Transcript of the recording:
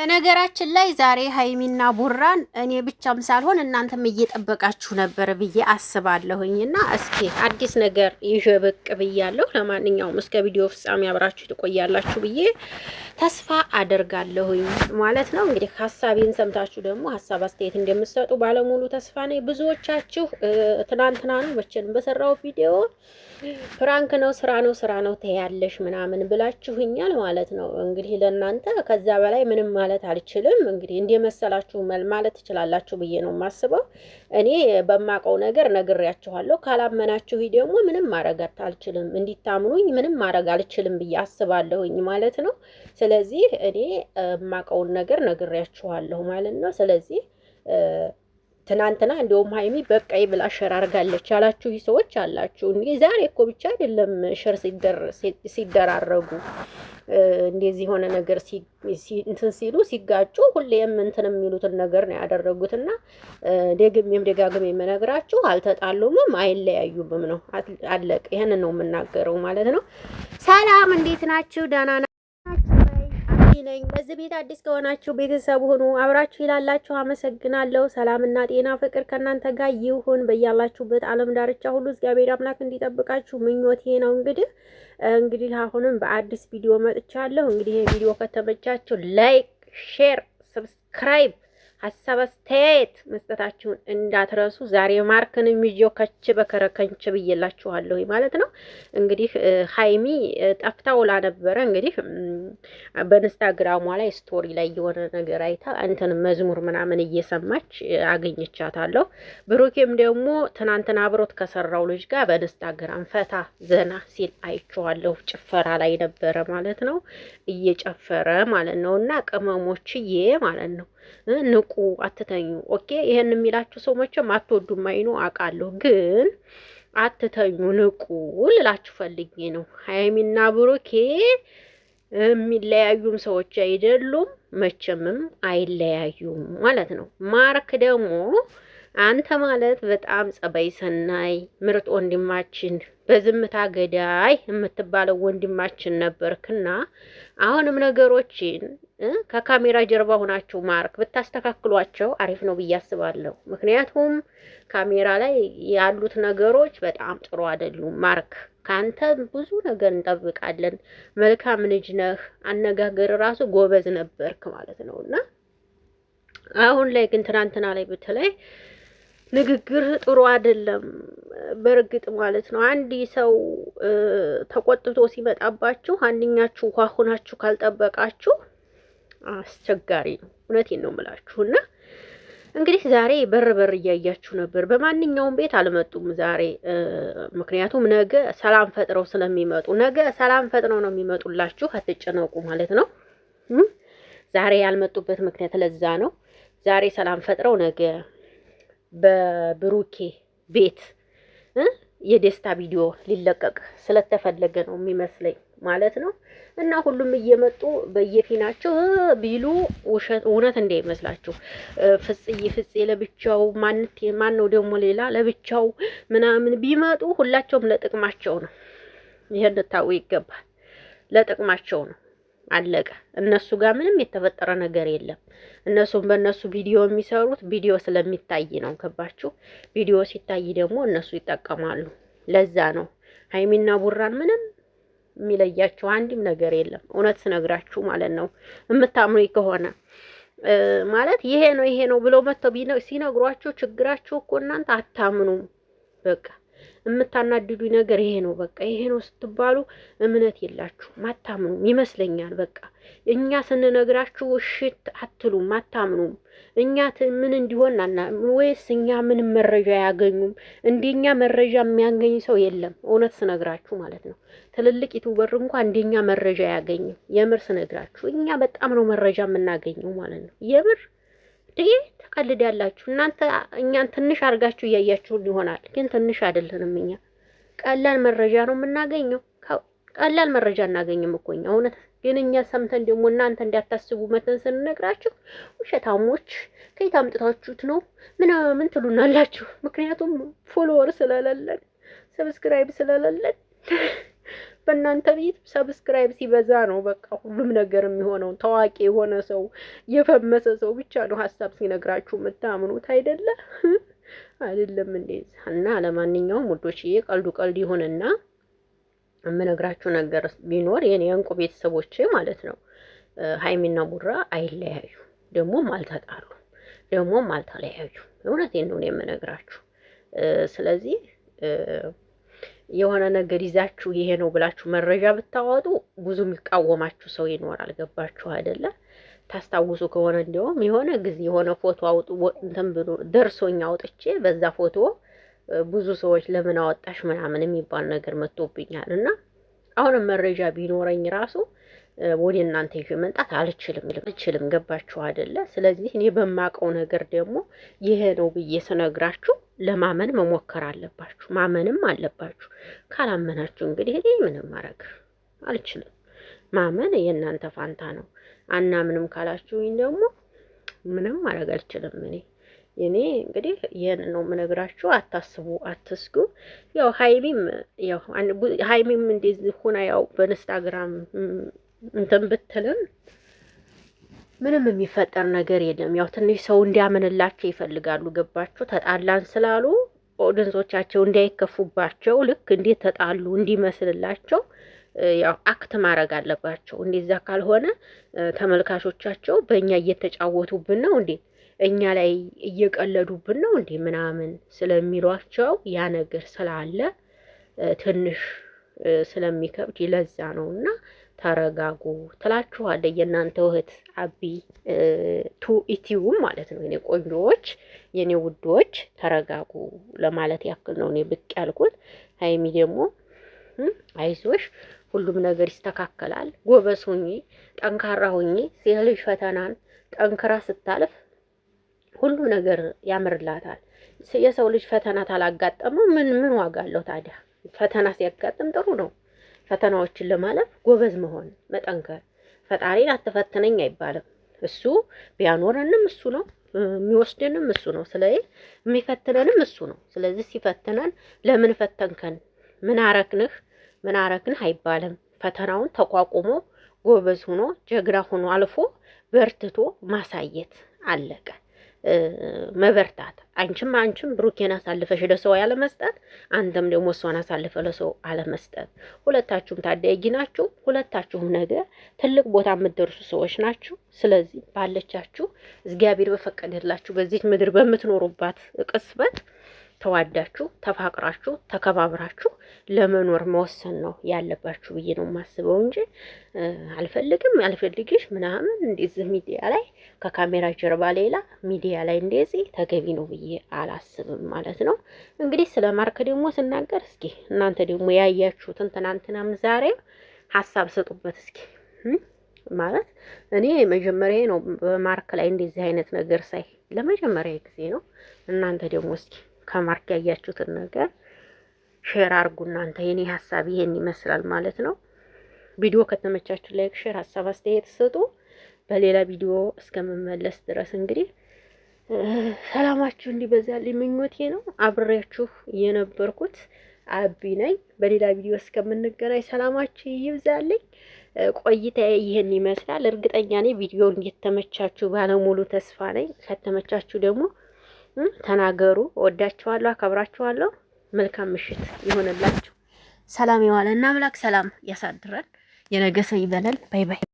በነገራችን ላይ ዛሬ ሀይሚና ቡራን እኔ ብቻም ሳልሆን እናንተም እየጠበቃችሁ ነበር ብዬ አስባለሁኝ እና እስኪ አዲስ ነገር ይዤ ብቅ ብያለሁ። ለማንኛውም እስከ ቪዲዮ ፍጻሜ አብራችሁ ትቆያላችሁ ብዬ ተስፋ አደርጋለሁኝ ማለት ነው። እንግዲህ ሀሳቤን ሰምታችሁ ደግሞ ሀሳብ አስተያየት እንደምትሰጡ ባለሙሉ ተስፋ ነኝ። ብዙዎቻችሁ ትናንትና ነው መቼም በሰራው ቪዲዮ ፍራንክ ነው ስራ ነው ስራ ነው ትያለሽ ምናምን ብላችሁኛል ማለት ነው። እንግዲህ ለእናንተ ከዛ በላይ ምንም ማለት አልችልም። እንግዲህ እንደመሰላችሁ ማለት ትችላላችሁ ብዬ ነው የማስበው። እኔ በማውቀው ነገር ነግሬያችኋለሁ። ካላመናችሁ ደግሞ ምንም ማረጋት አልችልም፣ እንዲታምኑኝ ምንም ማድረግ አልችልም ብዬ አስባለሁኝ ማለት ነው። ስለዚህ እኔ የማውቀውን ነገር ነግሬያችኋለሁ ማለት ነው። ስለዚህ ትናንትና እንደውም ሀይሚ በቃይ ብላ ሸር አርጋለች ያላችሁ ሰዎች አላችሁ። ዛሬ እኮ ብቻ አይደለም ሸር ሲደራረጉ እንደዚህ የሆነ ነገር እንትን ሲሉ ሲጋጩ ሁሌም እንትን የሚሉትን ነገር ነው ያደረጉትና ደግሜም ደጋግሜ የምነግራችሁ አልተጣሉምም፣ አይለያዩምም ነው። አለቅ ይህንን ነው የምናገረው ማለት ነው። ሰላም፣ እንዴት ናችሁ? ደህና ነኝ። በዚህ ቤት አዲስ ከሆናችሁ ቤተሰብ ሁኑ። አብራችሁ ይላላችሁ። አመሰግናለሁ። ሰላምና ጤና ፍቅር ከእናንተ ጋር ይሁን በያላችሁበት ዓለም ዳርቻ ሁሉ እግዚአብሔር አምላክ እንዲጠብቃችሁ ምኞቴ ነው። እንግዲህ እንግዲህ አሁንም በአዲስ ቪዲዮ መጥቻለሁ። እንግዲህ ይሄ ቪዲዮ ከተመቻችሁ ላይክ፣ ሼር፣ ሰብስክራይብ ሀሳብ አስተያየት መስጠታችሁን እንዳትረሱ። ዛሬ ማርክን የሚዤው ከች በከረከንች ብዬላችኋለሁ ማለት ነው። እንግዲህ ሀይሚ ጠፍታ ውላ ነበረ። እንግዲህ በኢንስታግራሟ ላይ ስቶሪ ላይ የሆነ ነገር አይታ እንትን መዝሙር ምናምን እየሰማች አገኘቻታለሁ። ብሩኬም ደግሞ ትናንትና አብሮት ከሰራው ልጅ ጋር በኢንስታግራም ፈታ ዘና ሲል አይቼዋለሁ። ጭፈራ ላይ ነበረ ማለት ነው፣ እየጨፈረ ማለት ነው። እና ቅመሞችዬ ማለት ነው ንቁ፣ አትተኙ። ኦኬ ይሄን የሚላችሁ ሰው መቼም አትወዱም አይኑ አውቃለሁ፣ ግን አትተኙ፣ ንቁ ልላችሁ ፈልጌ ነው። ሀይሚና ብሩኬ የሚለያዩም ሰዎች አይደሉም፣ መቼምም አይለያዩም ማለት ነው። ማርክ ደግሞ አንተ ማለት በጣም ጸባይ ሰናይ ምርጥ ወንድማችን በዝምታ ገዳይ የምትባለው ወንድማችን ነበርክና አሁንም ነገሮችን ከካሜራ ጀርባ ሆናችሁ ማርክ ብታስተካክሏቸው አሪፍ ነው ብዬ አስባለሁ። ምክንያቱም ካሜራ ላይ ያሉት ነገሮች በጣም ጥሩ አይደሉም። ማርክ ከአንተ ብዙ ነገር እንጠብቃለን። መልካም ልጅ ነህ። አነጋገር ራሱ ጎበዝ ነበርክ ማለት ነው እና አሁን ላይ ግን ትናንትና ላይ በተለይ ንግግር ጥሩ አይደለም። በእርግጥ ማለት ነው አንድ ሰው ተቆጥቶ ሲመጣባችሁ አንደኛችሁ ውሃ ሆናችሁ ካልጠበቃችሁ አስቸጋሪ ነው። እውነቴን ነው የምላችሁ። እና እንግዲህ ዛሬ በር በር እያያችሁ ነበር። በማንኛውም ቤት አልመጡም ዛሬ፣ ምክንያቱም ነገ ሰላም ፈጥረው ስለሚመጡ ነገ ሰላም ፈጥረው ነው የሚመጡላችሁ። አትጨነቁ ማለት ነው። ዛሬ ያልመጡበት ምክንያት ለዛ ነው። ዛሬ ሰላም ፈጥረው ነገ በብሩኬ ቤት የደስታ ቪዲዮ ሊለቀቅ ስለተፈለገ ነው የሚመስለኝ ማለት ነው። እና ሁሉም እየመጡ በየፊናቸው ቢሉ እውነት እንዳይመስላችሁ። ፍጽዬ ፍጽዬ ለብቻው ማንት ማን ነው ደግሞ ሌላ ለብቻው ምናምን ቢመጡ ሁላቸውም ለጥቅማቸው ነው። ይህን ልታውቁ ይገባል። ለጥቅማቸው ነው። አለቀ። እነሱ ጋር ምንም የተፈጠረ ነገር የለም። እነሱም በእነሱ ቪዲዮ የሚሰሩት ቪዲዮ ስለሚታይ ነው። ገባችሁ? ቪዲዮ ሲታይ ደግሞ እነሱ ይጠቀማሉ። ለዛ ነው ሀይሚና ቡራን ምንም የሚለያቸው አንድም ነገር የለም። እውነት ስነግራችሁ ማለት ነው የምታምኑ ከሆነ ማለት ይሄ ነው ይሄ ነው ብሎ መጥተው ሲነግሯችሁ ችግራችሁ እኮ እናንተ አታምኑም በቃ የምታናድዱ ነገር ይሄ ነው፣ በቃ ይሄ ነው ስትባሉ እምነት የላችሁም፣ አታምኑም ይመስለኛል። በቃ እኛ ስንነግራችሁ እሽት አትሉም፣ አታምኑም። እኛ ምን አና ወይስ እኛ ምን መረጃ አያገኙም? እንደኛ መረጃ የሚያገኝ ሰው የለም፣ እውነት ስነግራችሁ ማለት ነው። ትልልቅ ዩቱበር እንኳ እንደኛ መረጃ ያገኝም፣ የምር ስነግራችሁ እኛ በጣም ነው መረጃ የምናገኘው ማለት ነው የምር ይሄ ተቀልድ ያላችሁ እናንተ እኛን ትንሽ አድርጋችሁ እያያችሁን ይሆናል፣ ግን ትንሽ አይደለንም። እኛ ቀላል መረጃ ነው የምናገኘው። ቀላል መረጃ እናገኝም እኮ እኛ እውነት። ግን እኛ ሰምተን ደግሞ እናንተ እንዳታስቡ መተን ስንነግራችሁ ውሸታሞች ከየት አምጥታችሁት ነው ምናምን ትሉናላችሁ። ምክንያቱም ፎሎወር ስለሌለን ሰብስክራይብ ስለሌለን በእናንተ ቤት ሰብስክራይብ ሲበዛ ነው በቃ ሁሉም ነገር የሚሆነው። ታዋቂ የሆነ ሰው የፈመሰ ሰው ብቻ ነው ሀሳብ ሲነግራችሁ የምታምኑት አይደለ? አይደለም እንዴ? እና ለማንኛውም ውዶች ቀልዱ ቀልድ ይሁንና የምነግራችሁ ነገር ቢኖር የኔ እንቁ ቤተሰቦች ማለት ነው ሀይሚና ቡራ አይለያዩ፣ ደግሞም አልተጣሉ፣ ደግሞም አልተለያዩ። እውነቴን ነው የምነግራችሁ። ስለዚህ የሆነ ነገር ይዛችሁ ይሄ ነው ብላችሁ መረጃ ብታወጡ ብዙ የሚቃወማችሁ ሰው ይኖራል። ገባችሁ አይደለ? ታስታውሱ ከሆነ እንዲሁም የሆነ ጊዜ የሆነ ፎቶ አውጡ እንትን ብሎ ደርሶኝ አውጥቼ በዛ ፎቶ ብዙ ሰዎች ለምን አወጣሽ ምናምን የሚባል ነገር መጥቶብኛል እና አሁንም መረጃ ቢኖረኝ ራሱ ወደ እናንተ ይዤ መምጣት አልችልም አልችልም። ገባችሁ አይደለ? ስለዚህ እኔ በማውቀው ነገር ደግሞ ይሄ ነው ብዬ ስነግራችሁ ለማመን መሞከር አለባችሁ፣ ማመንም አለባችሁ። ካላመናችሁ እንግዲህ እኔ ምንም ማድረግ አልችልም። ማመን የእናንተ ፋንታ ነው። አናምንም ካላችሁኝ ደግሞ ምንም ማድረግ አልችልም እኔ እኔ እንግዲህ ይህን ነው የምነግራችሁ። አታስቡ፣ አትስጉ። ያው ሀይሚም ያው ሀይሚም እንደዚህ ሆና ያው በኢንስታግራም እንትን ብትልም ምንም የሚፈጠር ነገር የለም። ያው ትንሽ ሰው እንዲያምንላቸው ይፈልጋሉ። ገባችሁ? ተጣላን ስላሉ ኦድንሶቻቸው እንዳይከፉባቸው ልክ እንዴት ተጣሉ እንዲመስልላቸው ያው አክት ማድረግ አለባቸው። እንደዛ ካልሆነ ተመልካቾቻቸው በእኛ እየተጫወቱብን ነው እንዴ እኛ ላይ እየቀለዱብን ነው እንዴ ምናምን ስለሚሏቸው ያ ነገር ስላለ ትንሽ ስለሚከብድ ይለዛ ነው እና ተረጋጉ ትላችኋለ የእናንተ ውህት አቢ ቱ ኢቲዩም ማለት ነው። የኔ ቆንጆዎች፣ የኔ ውዶች ተረጋጉ ለማለት ያክል ነው እኔ ብቅ ያልኩት። ሀይሚ ደግሞ አይዞሽ ሁሉም ነገር ይስተካከላል፣ ጎበዝ ሁኚ፣ ጠንካራ ሁኚ። የልጅ ፈተናን ጠንክራ ስታልፍ ሁሉ ነገር ያምርላታል። የሰው ልጅ ፈተና ታላጋጠመው ምን ምን ዋጋ አለው ታዲያ? ፈተና ሲያጋጥም ጥሩ ነው። ፈተናዎችን ለማለፍ ጎበዝ መሆን መጠንከር። ፈጣሪን አትፈትነኝ አይባልም። እሱ ቢያኖረንም እሱ ነው የሚወስደንም እሱ ነው። ስለዚህ የሚፈትነንም እሱ ነው። ስለዚህ ሲፈትነን ለምን ፈተንከን፣ ምን አረክንህ፣ ምን አረክንህ አይባልም። ፈተናውን ተቋቁሞ ጎበዝ ሆኖ ጀግና ሆኖ አልፎ በርትቶ ማሳየት አለቀ። መበርታት አንቺም አንቺም ብሩኬን አሳልፈሽ ለሰው ያለመስጠት፣ አንተም ደግሞ እሷን አሳልፈ ለሰው አለመስጠት። ሁለታችሁም ታዳጊ ናችሁ። ሁለታችሁም ነገ ትልቅ ቦታ የምትደርሱ ሰዎች ናችሁ። ስለዚህ ባለቻችሁ እግዚአብሔር በፈቀደላችሁ በዚች ምድር በምትኖሩባት ቅስበት ተዋዳችሁ ተፋቅራችሁ ተከባብራችሁ ለመኖር መወሰን ነው ያለባችሁ ብዬ ነው የማስበው እንጂ አልፈልግም አልፈልግሽ ምናምን እንደዚህ ሚዲያ ላይ ከካሜራ ጀርባ ሌላ ሚዲያ ላይ እንደዚህ ተገቢ ነው ብዬ አላስብም ማለት ነው። እንግዲህ ስለ ማርክ ደግሞ ስናገር እስኪ እናንተ ደግሞ ያያችሁትን ትናንትናም ዛሬ ሀሳብ ሰጡበት እስኪ ማለት እኔ መጀመሪያ ነው በማርክ ላይ እንደዚህ አይነት ነገር ሳይ ለመጀመሪያ ጊዜ ነው። እናንተ ደግሞ እስኪ ከማርክ ያያችሁትን ነገር ሼር አርጉ። እናንተ የኔ ሀሳብ ይሄን ይመስላል ማለት ነው። ቪዲዮ ከተመቻችሁ ላይክ፣ ሼር፣ ሀሳብ አስተያየት ስጡ። በሌላ ቪዲዮ እስከምመለስ ድረስ እንግዲህ ሰላማችሁ እንዲበዛልኝ ምኞቴ ነው። አብሬያችሁ የነበርኩት አቢ ነኝ። በሌላ ቪዲዮ እስከምንገናኝ ሰላማችሁ ይብዛልኝ። ቆይታ ይህን ይመስላል። እርግጠኛ ነኝ ቪዲዮ እንደተመቻችሁ ባለሙሉ ተስፋ ነኝ። ከተመቻችሁ ደግሞ ተናገሩ። ወዳችኋለሁ፣ አከብራችኋለሁ። መልካም ምሽት ይሆንላችሁ። ሰላም የዋለና አምላክ ሰላም ያሳድረን። የነገሰ ሰው ይበለን። ባይ ባይ።